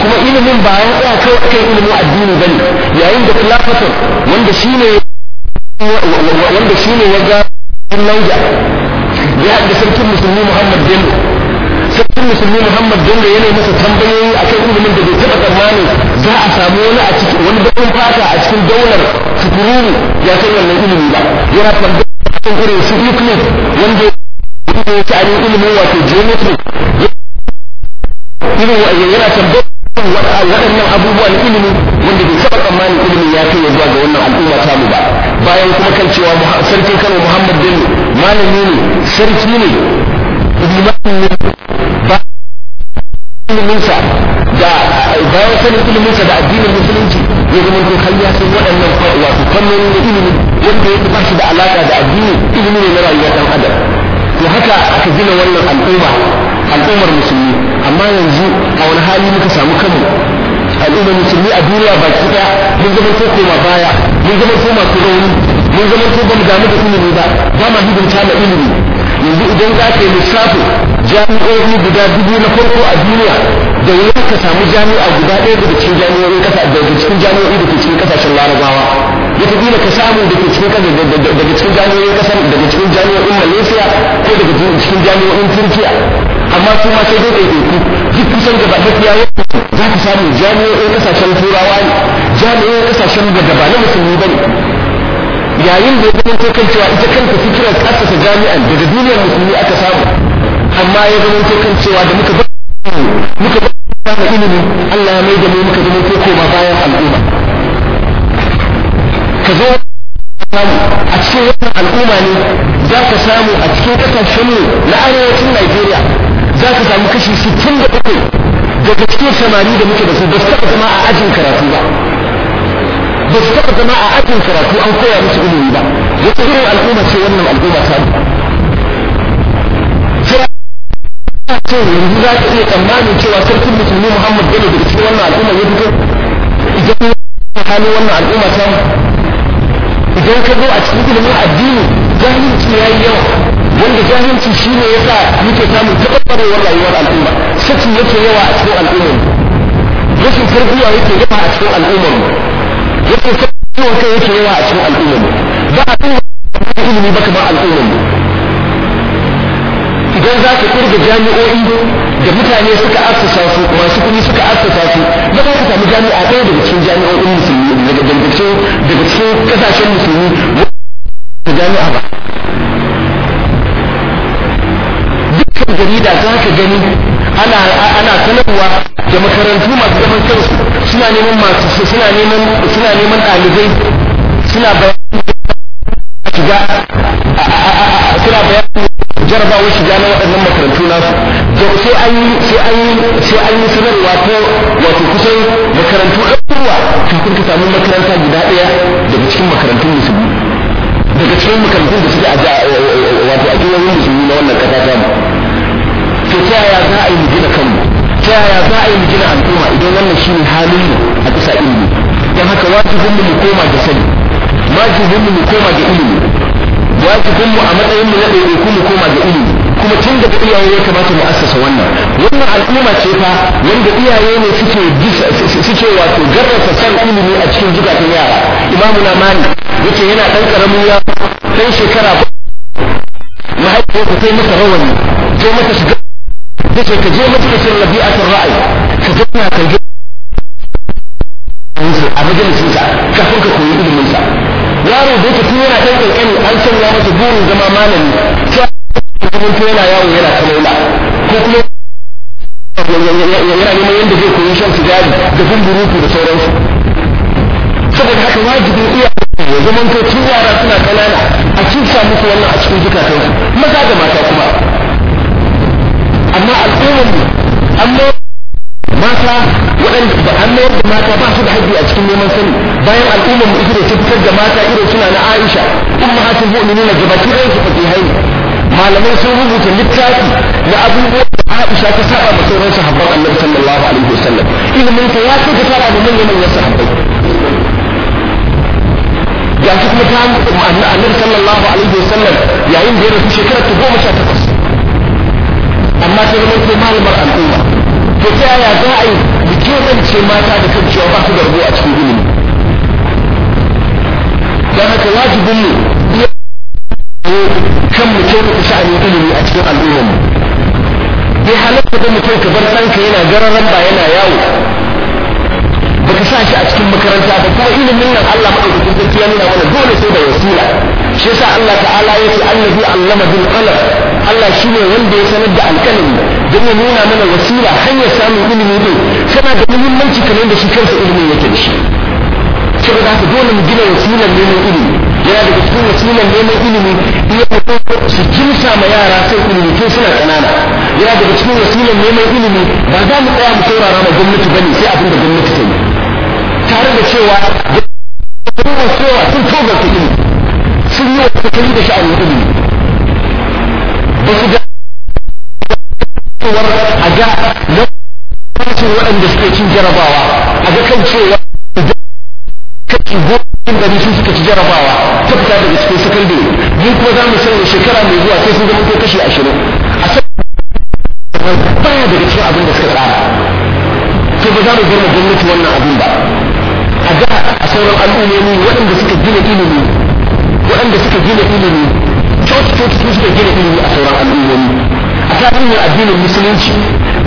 kuma ilimin ba ya tsaya kai akan ilimin addini bane yayin da khilafatun wanda shine wanda shine ya ga Niger ya da sarkin musulmi Muhammad Bello sarkin musulmi muhammad bello yana masa tambayoyi akan ilimin da bai taɓa tsammani za a samu wani a cikin wani bakin fata a cikin daular tukururu ya san wannan ilimi ba yana tambayar irin su euclid wanda ya ci ainihin ilimin wato geometry irin yana tambayar waɗannan abubuwa na ilimi wanda bai taɓa tsammanin ilimin ya kai zuwa ga wannan al'umma tamu ba bayan kuma kan cewa sarkin kano muhammad bello malami ne sarki ne limani ne iliminsa da bayan sanin iliminsa da addinin musulunci ya zama to har ya san waɗannan wato fannonin na ilimi wanda yake ba shi da alaƙa da addini ilimi ne na rayuwar ɗan adam to haka aka gina wannan al'umma al'ummar musulmi amma yanzu a wani hali muka samu kanmu al'ummar musulmi a duniya baki ɗaya mun zama ko koma baya mun zama ko masu rauni mun zama ko ba mu damu da ilimi ba ba ma hidimta da ilimi yanzu idan za ka yi lissafi jami'o'i guda dubu na farko a duniya da wuya ka samu jami'a guda ɗaya daga cikin jami'o'in kasa daga cikin jami'o'i da ke cikin kasashen larabawa Ya kila ka samu da ke cikin kasa daga cikin jami'o'in kasar daga cikin jami'o'in malaysia ko daga cikin jami'o'in turkiya amma su ma sai dai ɗaiɗaiku duk kusan gaba ɗaya za ka samu jami'o'in kasashen turawa ne jami'o'in kasashen da ba na musulmi ba ne yayin da ya zama kan cewa ita kanta fikirar kasasa jami'an daga duniyar musulmi aka samu amma ya zama ko kan cewa da muka ba muka ba da ilimi Allah ya mai da mu muka zama ko ba bayan al'umma ka zo a cikin wannan al'umma ne za ka samu a cikin kasashen mu na arewacin Najeriya za ka samu kashi da bakwai daga cikin samari da muke da su ba su taɓa zama a ajin karatu ba ba su zama a ajin karatu an koya musu ilimi ba wata irin al'umma ce wannan al'umma ta ce yanzu za ka iya tsammanin cewa sarkin musulmi muhammad bello daga cikin wannan al'umma ya fito idan halin wannan al'umma ta idan ka zo a cikin ilimin addini jahilci ya yi yawa wanda jahilci shi ne ya sa muke samun taɓarɓarewar rayuwar al'umma sakin yake yawa a cikin al'ummar rashin tarbiyya yake yawa a cikin al'ummar yake sakin yake yawa a cikin al'ummar ba a ilimi ba kamar al'ummar idan za ka kirga jami'o'i da mutane suka assasa su masu kuɗi suka assasa su ba za ka samu jami'a ɗaya daga cikin jami'o'in musulmi daga daga cikin daga cikin ƙasashen musulmi da jami'a ba dukkan jarida za ka gani ana ana sanarwa da makarantu masu zaman kansu suna neman masu suna neman suna neman ɗalibai suna bayan shiga suna bayan jarabawa shiga na waɗannan makarantu nasu sai an yi sai an yi sai an sanarwa ko wato kusan makarantu ɗan ruwa kafin ka samu makaranta guda ɗaya daga cikin makarantun musulmi daga cikin makarantun da suke eh, eh, eh, wato a cikin musulmi na wannan ƙasa ta mu to ta yaya za a yi mu gina kanmu ta yaya za a yi mu gina al'umma idan wannan shine halin mu a bisa ilimi don haka wajibinmu mu mu koma da sani wajibin mu mu koma da ilimi kun mu a matsayin mu na ɗaiɗaiku mu koma ga ilimi kuma tun daga iyaye ya kamata mu assasa wannan wannan al'umma ce fa wanda iyaye ne suke suke wato garrasa san ilimi a cikin zukatan yara imamu na mani yake yana ɗan ƙaramin ya ɗan shekara ba mahaifiyarsa sai masa
rawani sai shiga da ka je majalisar rabi'atul ra'ayi ka zauna ka ga a majalisinsa kafin ka koyi iliminsa
yaro da tun yana ɗan ƙanƙani an ya masa burin zama malami kuma to yana yawo yana kamaula
ko kuma yana neman yadda zai koyi shan sigari da bumburutu da sauransu saboda haka wajibin iya
ya zama to tun yara suna kanana a cinsa musu wannan a cikin zukatansu maza da mata kuma amma al'ummar amma mata waɗanda ba an mayar da mata ba su da haƙƙi a cikin neman sani bayan al'ummar mu ita ta fitar da mata irin suna na Aisha ummatul mu'minin da baki ɗayan su fakihai malamai sun rubuta littafi na abubuwan da Aisha ta saba ma sauran sahabban Annabi sallallahu alaihi wasallam ilimin ta ya ce ta saba ma manyan manyan sahabbai ga shi kuma ta Annabi sallallahu alaihi wasallam yayin da ya rasu shekara ta goma sha takwas amma ta zama ko malamar al'umma to ta yaya za a yi keɓance mata da kan cewa ba su garbu a cikin ilimi don haka wajibin mu iya kan mu kyautata sha'anin ilimi a cikin al'ummar mu bai halatta da mutum ka bar ɗanka yana gararan ba yana yawo baka sa shi a cikin makaranta ba kuma ilimin nan Allah maɗaukakin sarki ya nuna mana dole sai da wasila shi yasa Allah ta'ala ya ce annabi allama bil qalam Allah shine wanda ya sanar da alƙalami don ya nuna mana wasila hanyar samun ilimi ne tana da muhimmanci kamar da shi kansa ilimi yake da shi saboda haka dole mu gina wasilar neman
ilimi yana daga cikin wasilar neman ilimi iya mutum su kimsa ma yara sai ilimi tun suna ƙanana yana daga cikin wasilar neman ilimi ba za mu tsaya mu saurara ma gwamnati ne sai abin da gwamnati ta yi tare da cewa gwamnati cewa sun
tobar ta ilimi sun yi wata kai da sha'anin ilimi ba su ga
cewar a ga lokacin waɗanda suke cin jarabawa a ga kan cewa kashi goma ɗari sun suka ci
jarabawa ta fita daga cikin sakandare mu kuma za mu sanya shekara mai zuwa sai sun zama ko kashi ashirin a sanar
baya daga cikin abin da suka tsara sai
ba za mu bar gwamnati wannan abin ba a ga a sauran al'ummomi waɗanda suka gina ilimi waɗanda suka gina ilimi coci coci suka gina ilimi a sauran al'ummomi tarihin addinin musulunci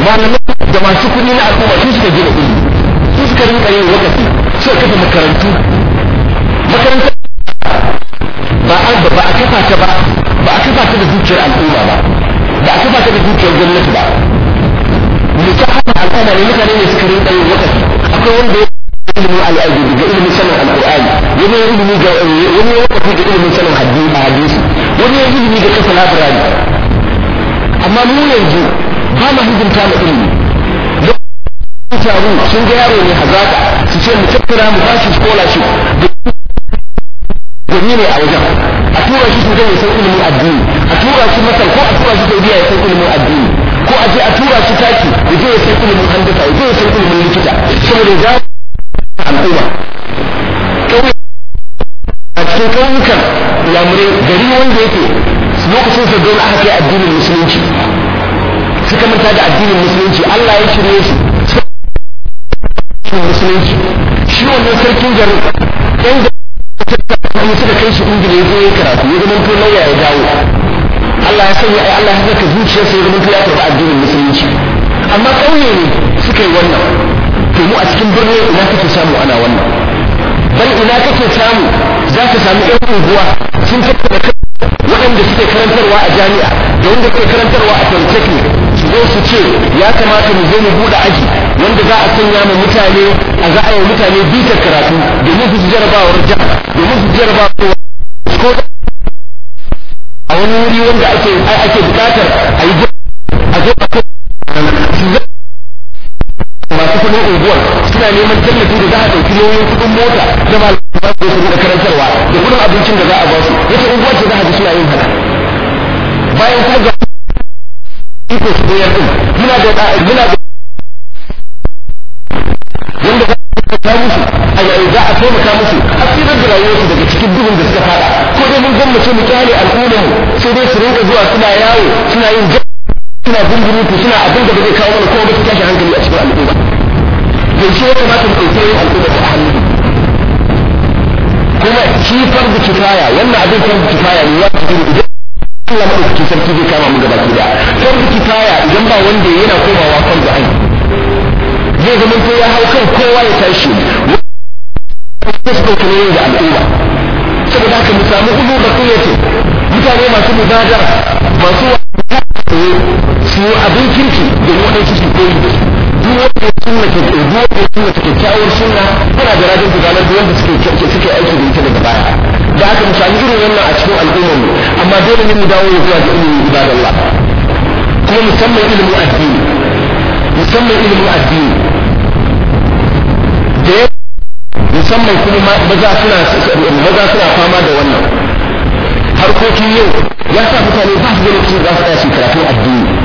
malamai da masu kuɗi na al'umma su suka gina ilimi su suka rinka yin lokaci suka kafa makarantu makarantar ba a ba a kafa ta ba ba a kafa ta da zuciyar al'umma ba ba a kafa ta da zuciyar gwamnati ba musamman al'umma ne mutane ne suka rinka yin lokaci akwai wanda ya ilimin al'adu ga ilimin sanin al'ur'ani wani ya ilimi ga wani ya lokaci ga ilimin sanin
hadisi wani ya ilimi ga kasa
labirari amma mu yanzu ba mu hidimta mu ilimi lokacin taru sun ga yaro ne hazaka su ce mu tattara mu ba shi scholarship domin ne a wajen a tura shi su ya san ilimin addini a tura shi masar ko a tura shi saudiya ya san ilimin addini ko a je a tura shi taki ya je ya san ilimin handuka ya je ya san ilimin likita saboda za al'umma
a cikin ƙauyukan lamurai gari wanda yake lokacin sa dole aka kai addinin musulunci suka manta da addinin musulunci Allah ya shirye su
cikin musulunci shi wannan sarkin garin ɗan garin suka kai shi ingila ya zo ya karatu ya zama to lauya ya dawo Allah ya sanya ai Allah ya saka zuciyarsa ya zama to ya karɓi addinin musulunci amma ƙauye ne suka yi wannan to mu a cikin birni ina kake samu ana wannan bal ina kake samu za ka samu ƴan unguwa sun tattara waɗanda suke karantarwa a jami'a da wanda suke karantarwa a polytechnic zo su ce ya kamata mu zo mu buɗe aji wanda za a sanya ma mutane a za a yi mutane bita karatu domin su jarabawar jihar domin su
jarabawar ko a wani wuri wanda ake ake bukatar a yi a zo a masu kudin
unguwar suna neman tallafi da za a ɗauki nauyin kudin mota na ba da su da karantarwa da kudin abincin da za a ba su yace unguwar ce za a ji suna yin haka bayan kuma
iko su koyar din muna da muna da wanda za a ta musu ai za a taimaka musu a tsirar da rayuwarsu daga cikin duhun da suka fada ko dai mun ce mu kyale al'ummar mu sai dai su rinka zuwa suna yawo suna yin suna bungurutu suna abin da ba zai kawo mana kowa ba su tashi hankali a cikin al'umma
yaushe ya kamata mu ɗauki yin al'umma ta hannu kuma shi fardu kifaya wannan abin fardu kifaya ne ya
fi idan Allah madaukakin sarki zai kama mu gabaki daya fardu kifaya idan ba wanda yana komawa kan da aini zai zama
ko ya hau kan kowa ya tashi fuskar ne da al'umma saboda haka mu samu hudu da kuyace mutane masu mubadara masu wasu su abin kirki da waɗansu su koyi da duk wanda ya sunna ke duk wanda ya sunna kyakkyawar sunna yana da rajin gudanar da wanda suke suke aiki da ita daga baya da aka mu sami irin wannan a cikin al'ummar mu amma dole ne mu dawo ya zuwa ga ilimin ibadallah kuma musamman ilimin addini musamman ilimin addini da ya musamman kuma maza suna maza suna fama da wannan harkokin yau ya sa mutane ba su da cikin za su tsaya su karatun addini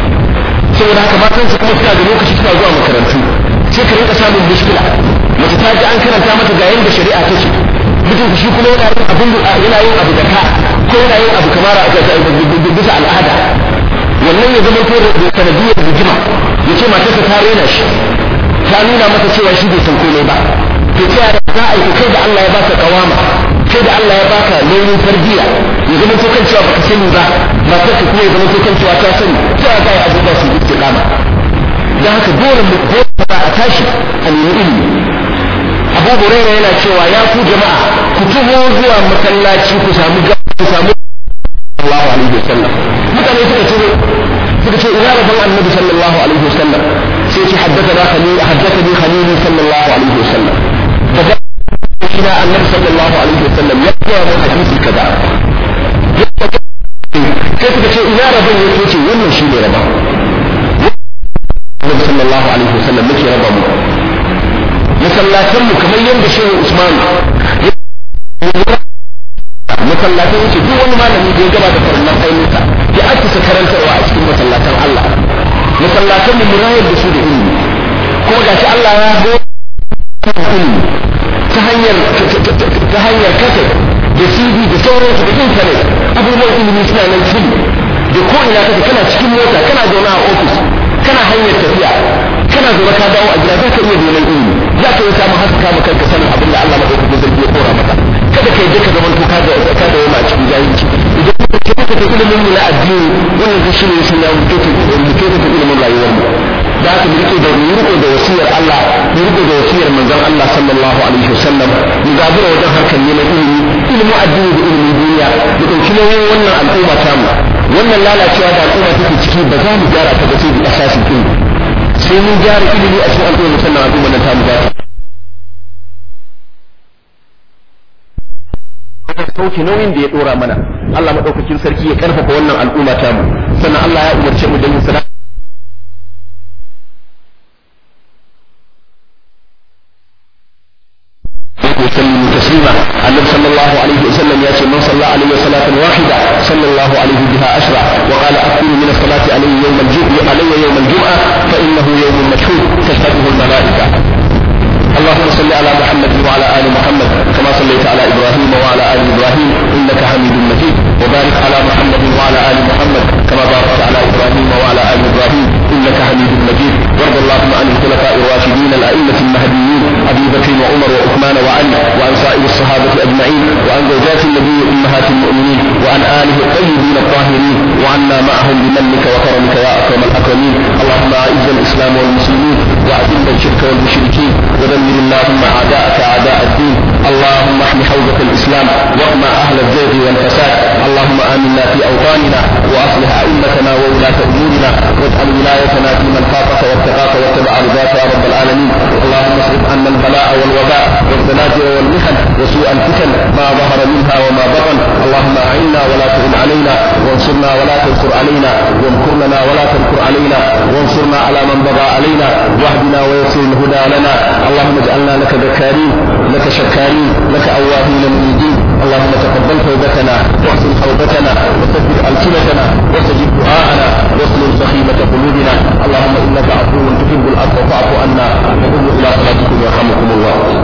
saboda haka matan su kuma suna da lokaci suna zuwa makarantu sai ka rinka samun mushkila mace ta ji an karanta mata ga yanda shari'a ta ce mutum shi kuma yana yin abin yana yin abu da ka ko yana yin abu kamar bisa al'ada wannan ya zama ko da sanadiyar rigima ya ce matarsa ta rena shi
ta nuna masa cewa shi
bai san komai ba to ta yaya za a yi kai da Allah ya baka kawama kai da Allah ya baka launin tarbiyya ya zama ko kan cewa baka sani ba matarka kuma ya zama ko kan cewa ta sani ta za a zuba su istiqama da haka dole mu dole a tashi a nemi ilimi Abu Hurairah yana cewa ya ku jama'a ku tuho zuwa masallaci ku samu ku samu sallallahu alaihi wasallam mutane suka ce suka ce ina rabon annabi sallallahu alaihi wasallam sai ce haddathana khalil haddathani khalil sallallahu alaihi wasallam daga ina annabi sallallahu alaihi wasallam ya ce hadisi kaza sai suka ce ina rabon yake ce wannan shi ne rabon Annabi sallallahu alaihi wasallam muke raba mu masallatan mu kamar yadda shehu Usman masallatan yake duk wani malami da ya gaba da farnan ayyuka ya aka karantarwa a cikin masallatan Allah masallatan mu murayar da su da ilimi kuma gashi Allah ya go ilimi ta hanyar ta hanyar kasar da cd da sauransu da intanet abubuwan ilimi suna nan fili da ko ina kake kana cikin mota kana zaune a ofis kana hanyar tafiya kana zaune ka dawo a gida za ka iya neman ilimi za ka yi samun haka kama kanka sanin abin da Allah madaukakin sarki ya kora maka kada ka yadda ka zama to ka da ka da yamma a cikin jahilci idan ka tafi ilimin mu na addini wannan shi ne sunan mutum mutum ilimin rayuwar mu da aka rike da riko da wasiyar Allah riko da wasiyar manzon Allah sallallahu alaihi wasallam mu gabura wajen harkar neman ilimi ilimin addini da ilimin duniya mu dauki nauyin wannan al'umma ta mu. wannan lalacewa da al'umma take ciki ba za mu gyara ta ba sai da asasin ilimi sai mun gyara ilimi a cikin al'umma sannan al'umma ta mu za ta sauke nauyin da ya ɗora mana Allah madaukakin sarki ya karfafa wannan al'umma ta mu sannan Allah ya umarce mu da yin sana'a.
النبي صلى الله عليه
وسلم يأتي من صلى عليه صلاة واحدة صلى الله عليه بها أشرع وقال أكثر من الصلاة علي يوم الجمعة علي يوم الجمعة فإنه يوم مشهود تشهده الملائكة اللهم صل على محمد وعلى ال محمد كما صليت على ابراهيم وعلى ال ابراهيم انك حميد مجيد وبارك على محمد وعلى ال محمد كما باركت على ابراهيم وعلى ال ابراهيم انك حميد مجيد وارض اللهم عن الخلفاء الراشدين الائمه المهديين ابي بكر وعمر وعثمان وعلي وعن سائر الصحابه اجمعين وعن زوجات النبي امهات المؤمنين وعن اله الطيبين الطاهرين وعنا معهم بمنك وكرمك يا اكرم الاكرمين اللهم اعز الاسلام والمسلمين واذل الشرك والمشركين وذل دمر اللهم اعداءك اعداء الدين اللهم احم حوزه الاسلام واقمع اهل الزيغ والفساد اللهم امنا في اوطاننا واصلح ائمتنا وولاه امورنا واجعل ولايتنا في من خافك واتقاك واتبع رضاك يا رب العالمين اللهم اصرف عنا البلاء والوباء والزلازل والمحن وسوء الفتن ما ظهر منها وما بطن اللهم اعنا ولا تعن علينا وانصرنا ولا تنصر علينا وامكر لنا ولا تنكر علينا وانصرنا على من بغى علينا واهدنا ويسر الهدى لنا اللهم اللهم اجعلنا لك ذكارين لك شكارين لك أواهين مريدين اللهم تقبل توبتنا واحسن توبتنا وثبت ألسنتنا واستجب دعاءنا واصلل سخيمة قلوبنا اللهم إنك عفو تحب الأرض فاعف عنا نقول إلى صلاتكم يرحمكم الله